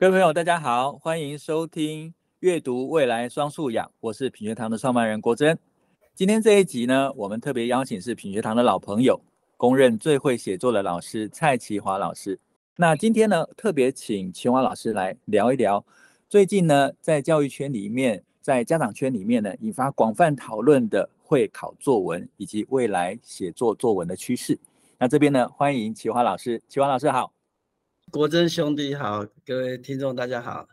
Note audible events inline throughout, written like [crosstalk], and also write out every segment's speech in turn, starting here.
各位朋友，大家好，歡迎收聽《閱讀未來雙素養》，我是品學堂的創辦人國珍。今天這一集呢，我們特別邀請是品學堂的老朋友，公認最會寫作的老師蔡淇華老師。那今天呢，特別請淇華老師來聊一聊最近呢，在教育圈裡面，在家長圈裡面呢，引發廣泛討論的會考作文以及未來寫作作文的趨勢。那這邊呢，歡迎淇華老師，淇華老師好。國珍兄弟好，各位聽眾大家好。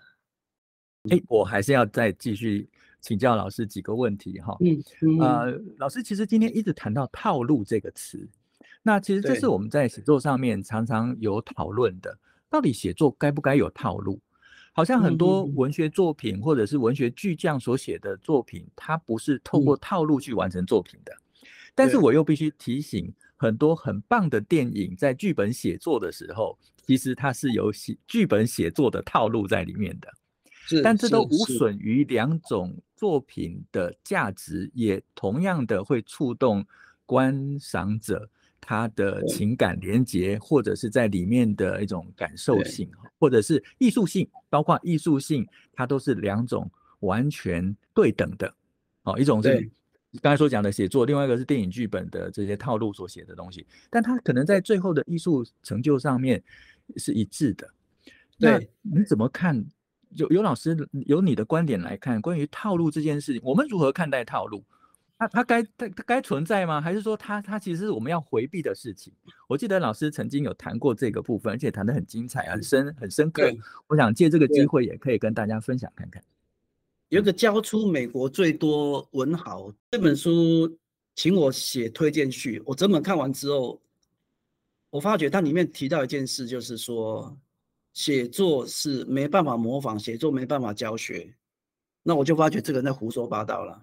誒、欸，我還是要再繼續請教老師幾個問題哈。嗯呃嗯，老師，其實今天一直談到“套路”這個詞，那其實這是我們在寫作上面常常有討論的，到底寫作該不該有套路？好像很多文學作品或者是文學巨匠所寫的作品、嗯，它不是透過套路去完成作品的。嗯、但是我又必須提醒，很多很棒的電影在劇本寫作的時候，其實它是有寫劇本寫作的套路在裡面的，但這都無損於兩種作品的價值，也同樣的會觸動觀賞者他的情感連接，或者是在裡面的一種感受性，或者是藝術性，包括藝術性，它都是兩種完全對等的，哦，一種是剛才所講的寫作，另外一個是電影劇本的這些套路所寫的東西，但它可能在最後的藝術成就上面。是一致的。對，你怎麼看？有有老師有你的觀點來看，關於套路這件事情，我們如何看待套路？它它該它該存在嗎？還是說，它它其實是我們要回避的事情？我記得老師曾經有談過這個部分，而且談得很精彩，很深很深刻。我想借這個機會也可以跟大家分享看看。有個教出美國最多文豪這本書，請我寫推薦序。我整本看完之後。我發覺它裡面提到一件事，就是說，寫作是沒辦法模仿，寫作沒辦法教學。那我就發覺這個人在胡說八道了。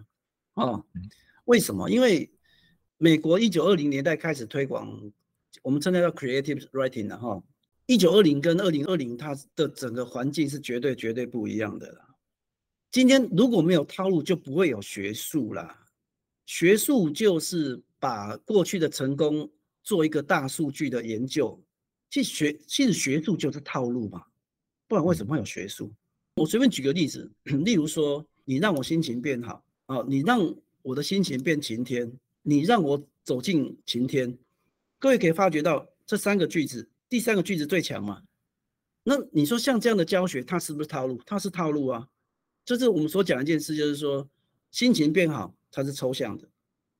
哦，為什麼？因為美國一九二零年代開始推廣，我們稱它叫 creative writing 了哈。然後一九二零跟二零二零，它的整個環境是絕對絕對不一樣的了。今天如果沒有套路，就不會有學術啦。學術就是把過去的成功，做一個大數據的研究，去學，其實學術就是套路嘛，不然為什麼會有學術？我隨便舉個例子，例如說你讓我心情變好啊、哦，你讓我的心情變晴天，你讓我走進晴天，各位可以發覺到這三個句子，第三個句子最強嘛？那你說像這樣的教學，它是不是套路？它是套路啊，就是我們所講的一件事，就是說心情變好，它是抽象的，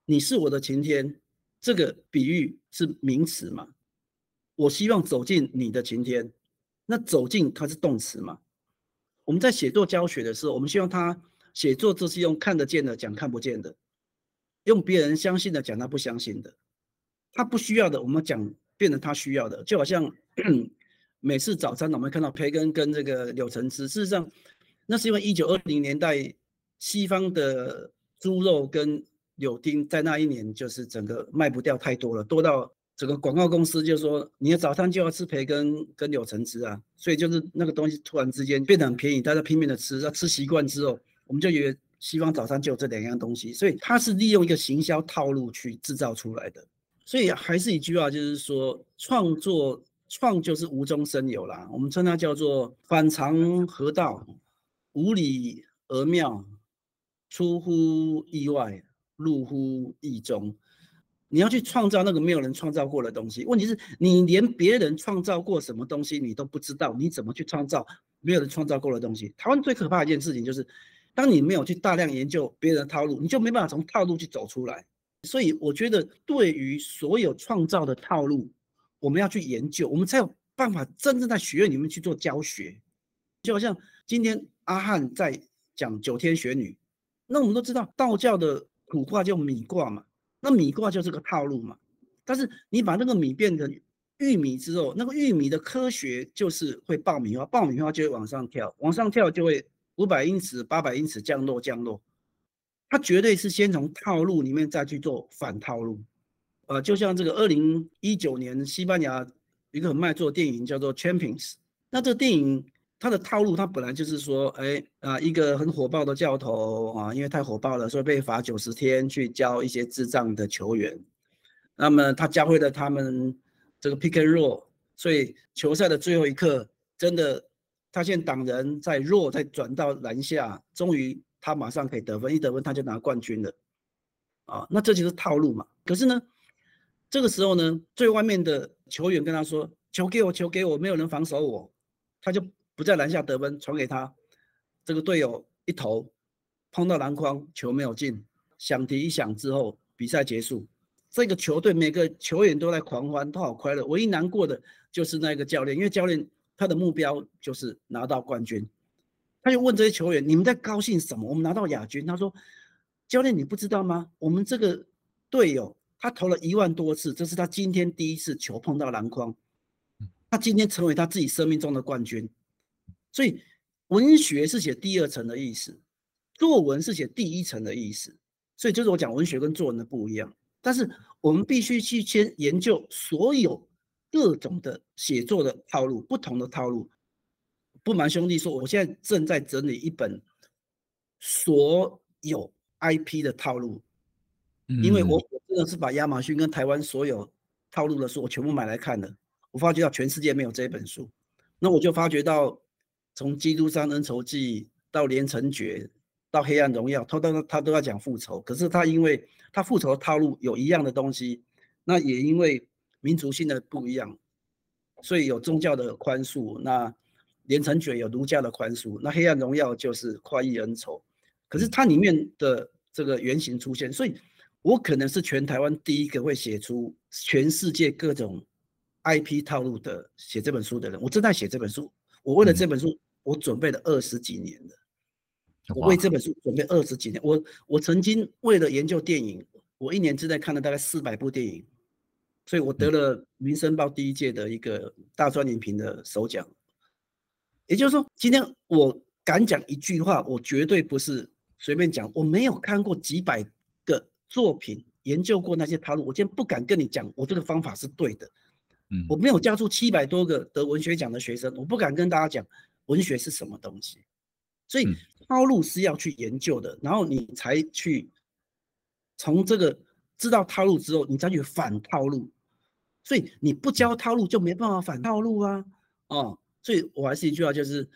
你是我的晴天。這個比喻是名詞嘛？我希望走進你的晴天，那走進它是動詞嘛？我們在寫作教學的時候，我們希望他寫作就是用看得見的講看不見的，用別人相信的講他不相信的，他不需要的我們講變成他需要的，就好像每次早餐我們看到培根跟這個柳橙汁，事實上那是因為一九二零年代西方的豬肉跟。柳丁在那一年就是整個賣不掉太多了，多到整個廣告公司就說，你的早餐就要吃培根跟柳橙汁啊，所以就是那個東西突然之間變得很便宜，大家拼命的吃，要吃習慣之後，我們就以為西方早餐就有這兩樣東西，所以它是利用一個行銷套路去制造出來的。所以還是一句話，就是說，創作創就是無中生有啦，我們稱它叫做反常合道，無理而妙，出乎意外。入乎意中，你要去創造那個沒有人創造過的東西。問題是，你連別人創造過什麼東西你都不知道，你怎麼去創造沒有人創造過的東西？台灣最可怕的一件事情就是，當你沒有去大量研究別人的套路，你就沒辦法從套路去走出來。所以，我覺得對於所有創造的套路，我們要去研究，我們才有辦法真正在學院裡面去做教學。就好像今天阿翰在講九天玄女，那我們都知道道教的。谷掛就米掛嘛，那米掛就是個套路嘛。但是你把那個米變成玉米之後，那個玉米的科學就是會爆米花，爆米花就會往上跳，往上跳就會五百英尺、八百英尺降落、降落。它絕對是先從套路裡面再去做反套路，呃，就像這個二零一九年西班牙一個很賣座的電影叫做《Champions》，那這個電影。他的套路，他本來就是說，哎，啊，一個很火爆的教頭啊，因為太火爆了，所以被罰九十天去教一些智障的球員。那麼他教會了他們這個 pick and roll，所以球賽的最後一刻，真的，他現在擋人在 roll，再轉到籃下，終於他馬上可以得分，一得分他就拿冠軍了，啊，那這就是套路嘛。可是呢，這個時候呢，最外面的球員跟他說，球給我，球給我，沒有人防守我，他就。我在籃下得分，傳給他，這個隊友一投碰到籃筐，球沒有進，響笛一響之後，比賽結束。這個球隊每個球員都在狂歡，都好快樂。唯一難過的就是那個教練，因為教練他的目標就是拿到冠軍。他就問這些球員：“你們在高興什麼？我們拿到亞軍。”他說：“教練，你不知道嗎？我們這個隊友他投了一萬多次，這是他今天第一次球碰到籃筐，他今天成為他自己生命中的冠軍。”所以，文學是寫第二層的意思，作文是寫第一層的意思。所以就是我講文學跟作文的不一樣。但是我們必須去先研究所有各種的寫作的套路，不同的套路。不瞞兄弟說，我現在正在整理一本所有 IP 的套路，因為我真的是把亞馬遜跟台灣所有套路的書我全部買來看的。我發覺到全世界沒有這一本書，那我就發覺到。從《基督山恩仇記》到《連城訣》，到《黑暗榮耀》，他都他都要講復仇。可是他因為他復仇的套路有一樣的東西，那也因為民族性的不一樣，所以有宗教的寬恕。那《連城訣》有儒家的寬恕，那《黑暗榮耀》就是快意恩仇。可是它裡面的這個原型出現，所以我可能是全台灣第一個會寫出全世界各種 IP 套路的寫這本書的人。我正在寫這本書。我為了這本書，嗯、我準備了二十幾年的。我為這本書準備二十幾年。我我曾經為了研究電影，我一年之內看了大概四百部電影，所以我得了《民生報》第一屆的一個大專影評的首獎、嗯。也就是說，今天我敢講一句話，我絕對不是隨便講。我沒有看過幾百個作品，研究過那些套路。我今天不敢跟你講，我這個方法是對的。我沒有教出七百多個得文學獎的學生，我不敢跟大家講文學是什麼東西，所以、嗯、套路是要去研究的，然後你才去從這個知道套路之後，你才去反套路，所以你不教套路就沒辦法反套路啊！哦，所以我還是一句話，就是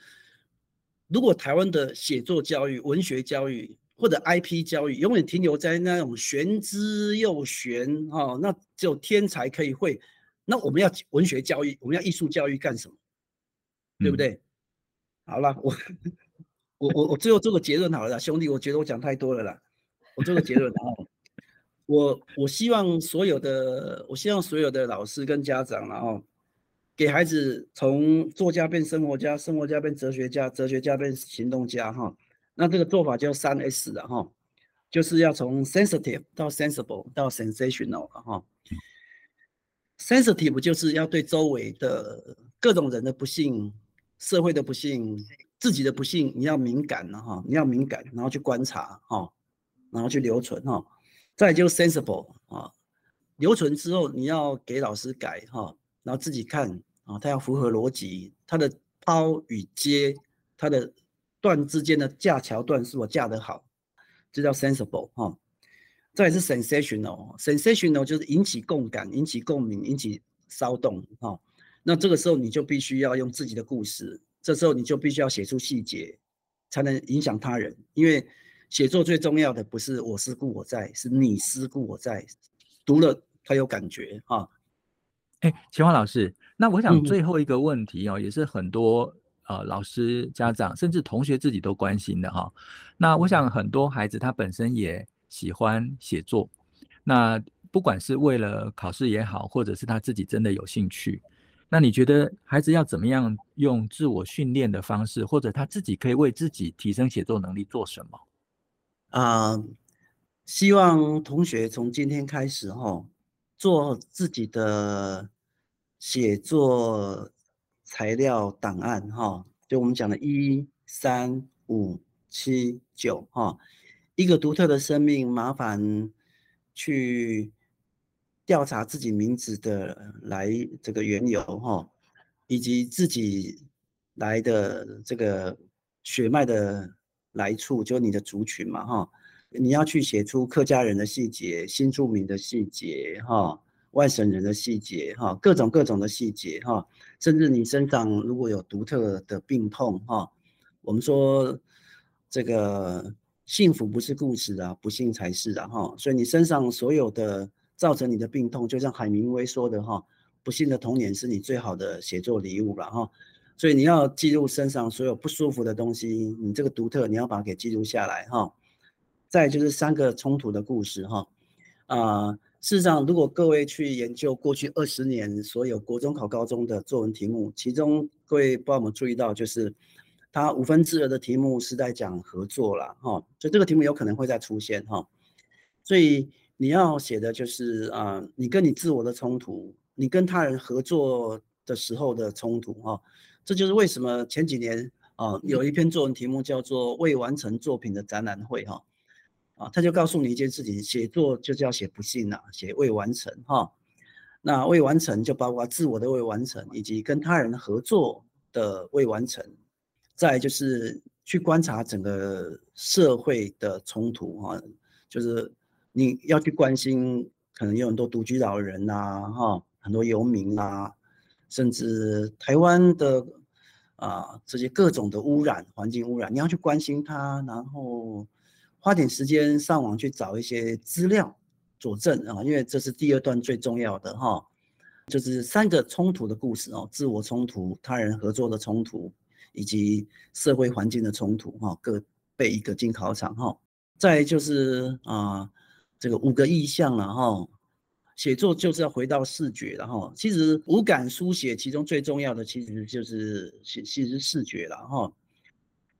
如果台灣的寫作教育、文學教育或者 IP 教育永遠停留在那種玄之又玄，哦，那只有天才可以會。那我們要文學教育，我們要藝術教育幹什麼？嗯、對不對？好了，我我我我最後做個結論好了啦，兄弟，我覺得我講太多了啦。我做個結論，然 [laughs] 後我我希望所有的，我希望所有的老師跟家長啦，然後給孩子從作家變生活家，生活家變哲學家，哲學家變行動家，哈。那這個做法叫三 S 的哈，就是要從 sensitive 到 sensible 到 sensational 哈。嗯 Sensitive 就是要對周圍的各種人的不幸、社會的不幸、自己的不幸，你要敏感了哈，你要敏感，然後去觀察哈，然後去留存哈。再就是 sensible 啊，留存之後你要給老師改哈，然後自己看啊，它要符合邏輯，它的拋與接，它的段之間的架橋段是否架得好，這叫 sensible 哈。再是 sensational，sensational sensational 就是引起共感、引起共鳴、引起騷動、哦、那這個時候你就必須要用自己的故事，這時候你就必須要寫出細節，才能影響他人。因為寫作最重要的不是我思故我在，是你思故我在，讀了才有感覺哈、哦，哎，淇華老師，那我想最後一個問題哦，嗯、也是很多呃老師、家長甚至同學自己都關心的哈、哦。那我想很多孩子他本身也。喜歡寫作，那不管是為了考試也好，或者是他自己真的有興趣，那你覺得孩子要怎麼樣用自我訓練的方式，或者他自己可以為自己提升寫作能力做什麼？啊、呃，希望同學從今天開始哈、哦，做自己的寫作材料檔案哈、哦，就我們講的一三五七九哈。一個獨特的生命，麻煩去調查自己名字的來這個緣由哈，以及自己來的這個血脈的來處，就你的族群嘛哈。你要去寫出客家人的細節、新住民的細節哈、外省人的細節哈、各種各種的細節哈，甚至你身上如果有獨特的病痛哈，我們說這個。幸福不是故事啊，不幸才是的、啊、哈、哦。所以你身上所有的造成你的病痛，就像海明威說的哈、哦，不幸的童年是你最好的寫作禮物了哈、哦。所以你要記錄身上所有不舒服的東西，你這個獨特你要把它給記錄下來哈、哦。再就是三個衝突的故事哈。啊、哦呃，事實上，如果各位去研究過去二十年所有國中考高中的作文題目，其中各位幫我們注意到就是。他五分之二的題目是在講合作啦哈、哦，所以這個題目有可能會再出現哈、哦，所以你要寫的就是啊、呃，你跟你自我的衝突，你跟他人合作的時候的衝突啊、哦，這就是為什麼前幾年啊、哦，有一篇作文題目叫做未完成作品的展覽會哈，啊、哦，他就告訴你一件事情，寫作就是要寫不幸吶、啊，寫未完成哈、哦，那未完成就包括自我的未完成，以及跟他人合作的未完成。再就是去觀察整個社會的衝突啊，就是你要去關心，可能有很多獨居老人啊，哈，很多游民啊，甚至台灣的啊這些各種的污染、環境污染，你要去關心它，然後花點時間上網去找一些資料佐證啊，因為這是第二段最重要的哈，就是三個衝突的故事哦，自我衝突、他人合作的衝突。以及社會環境的衝突，哈，各備一個進考場，哈。再就是啊、呃，這個五個意象了，哈。寫作就是要回到視覺了，哈。其實五感書寫其中最重要的，其實就是寫，其實視覺了，哈。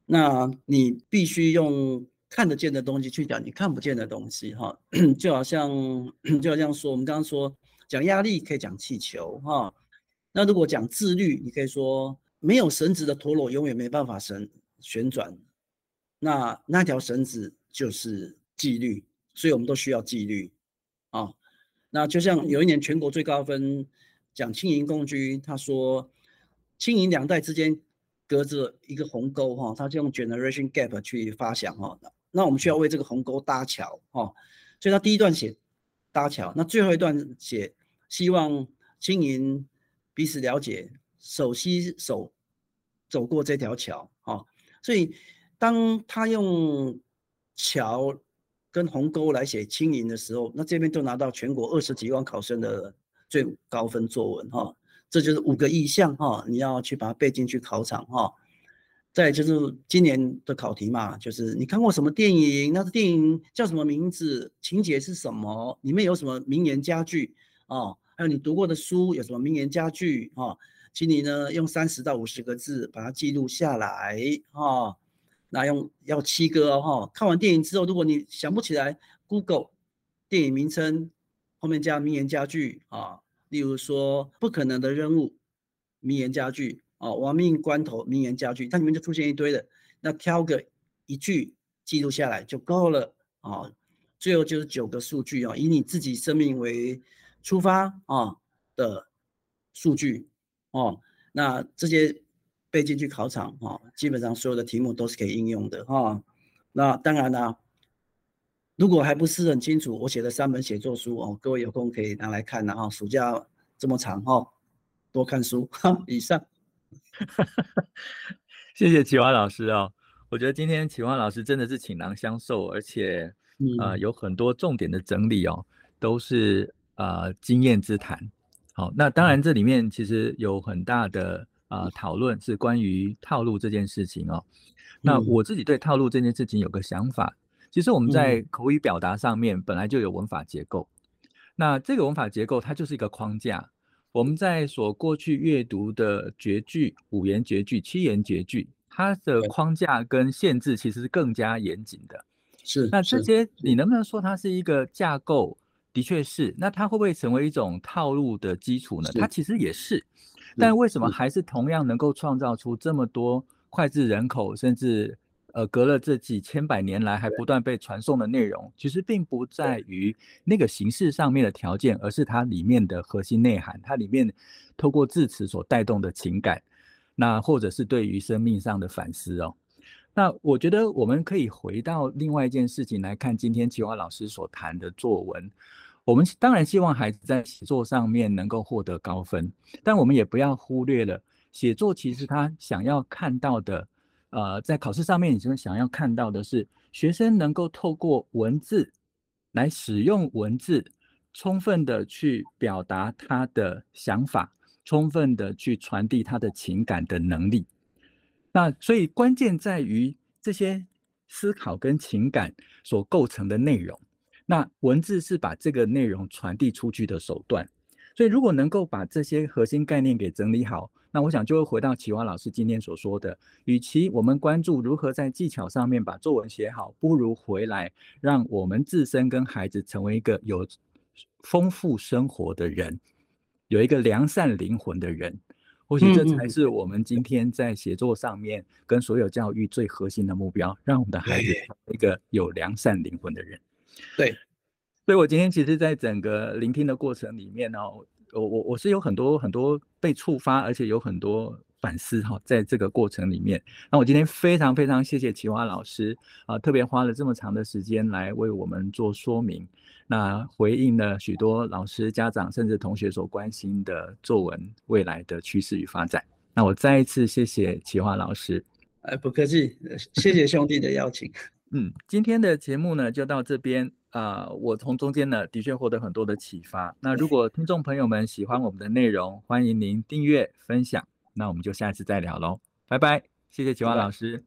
那你必須用看得見的東西去講你看不見的東西，哈。就好像，就好像說，我們剛剛說講壓力可以講氣球，哈。那如果講自律，你可以說。沒有繩子的陀螺永遠沒辦法旋旋轉，那那條繩子就是紀律，所以我們都需要紀律，啊、哦，那就像有一年全國最高分講青銀共居，他說青銀兩代之間隔着一個鴻溝哈，他、哦、就用 generation gap 去發想哈、哦，那我們需要為這個鴻溝搭橋哈、哦，所以他第一段寫搭橋，那最後一段寫希望青銀彼此了解，手牽手。走過這條橋啊，所以當他用橋跟鴻溝來寫青銀的時候，那這邊都拿到全國二十幾萬考生的最高分作文哈、哦，這就是五個意象哈、哦，你要去把它背進去考場哈、哦。再就是今年的考題嘛，就是你看過什麼電影，那個電影叫什麼名字，情節是什麼，裡面有什麼名言佳句啊？還有你讀過的書有什麼名言佳句哈。哦。請你呢，用三十到五十個字把它記錄下來哦，那用要七個哦，看完電影之後，如果你想不起來，Google 電影名稱後面加名言佳句啊。例如說《不可能的任務》名哦，名言佳句啊，亡命關頭名言佳句，它裡面就出現一堆的。那挑個一句記錄下來就夠了啊、哦。最後就是九個數據啊，以你自己生命為出發啊、哦、的數據。哦，那這些背進去考場啊、哦，基本上所有的題目都是可以應用的哈、哦。那當然啦、啊，如果還不是很清楚，我寫的三本寫作書哦，各位有空可以拿來看，然、哦、後暑假這麼長哈、哦，多看書。以上， [laughs] 謝謝淇華老師哦。我覺得今天淇華老師真的是傾囊相授，而且啊、嗯呃、有很多重點的整理哦，都是啊、呃、經驗之談。好，那當然，這裡面其實有很大的呃討論是關於套路這件事情哦、嗯。那我自己對套路這件事情有個想法、嗯，其實我們在口語表達上面本來就有文法結構、嗯，那這個文法結構它就是一個框架。我們在所過去閱讀的絕句、五言絕句、七言絕句，它的框架跟限制其實是更加嚴謹的。是。那這些你能不能說它是一個架構？的確是，那它會不會成為一種套路的基礎呢？它其實也是，但為什麼還是同樣能夠創造出這麼多膾炙人口，甚至呃隔了這幾千百年來還不斷被傳頌的內容？其實並不在於那個形式上面的條件，而是它裡面的核心內涵，它裡面透過字詞所帶動的情感，那或者是對於生命上的反思哦。那我覺得我們可以回到另外一件事情來看，今天淇華老師所談的作文。我們當然希望孩子在寫作上面能夠獲得高分，但我們也不要忽略了寫作其實他想要看到的，呃，在考試上面，你真的想要看到的是學生能夠透過文字來使用文字，充分的去表達他的想法，充分的去傳遞他的情感的能力。那所以關鍵在於這些思考跟情感所構成的內容。那文字是把這個內容傳遞出去的手段，所以如果能夠把這些核心概念給整理好，那我想就會回到淇華老師今天所說的，與其我們關注如何在技巧上面把作文寫好，不如回來讓我們自身跟孩子成為一個有豐富生活的人，有一個良善靈魂的人。嗯。嗯、我覺得這才是我們今天在寫作上面跟所有教育最核心的目標，讓我們的孩子成為一個有良善靈魂的人。對，所以，我今天其實在整個聆聽的過程裡面呢、啊，我我我是有很多很多被觸發，而且有很多反思哈、啊，在這個過程裡面。那我今天非常非常謝謝淇華老師啊、呃，特別花了這麼長的時間來為我們做說明，那回應了許多老師、家長甚至同學所關心的作文未來的趨勢與發展。那我再一次謝謝淇華老師，呃，不客氣，謝謝兄弟的邀請。 [laughs] 嗯，今天的節目呢就到這邊啊，呃，我從中間呢的確獲得很多的啟發。那如果聽眾朋友們喜歡我們的內容，歡迎您訂閱、分享。那我們就下次再聊嘍，拜拜，謝謝淇華老師。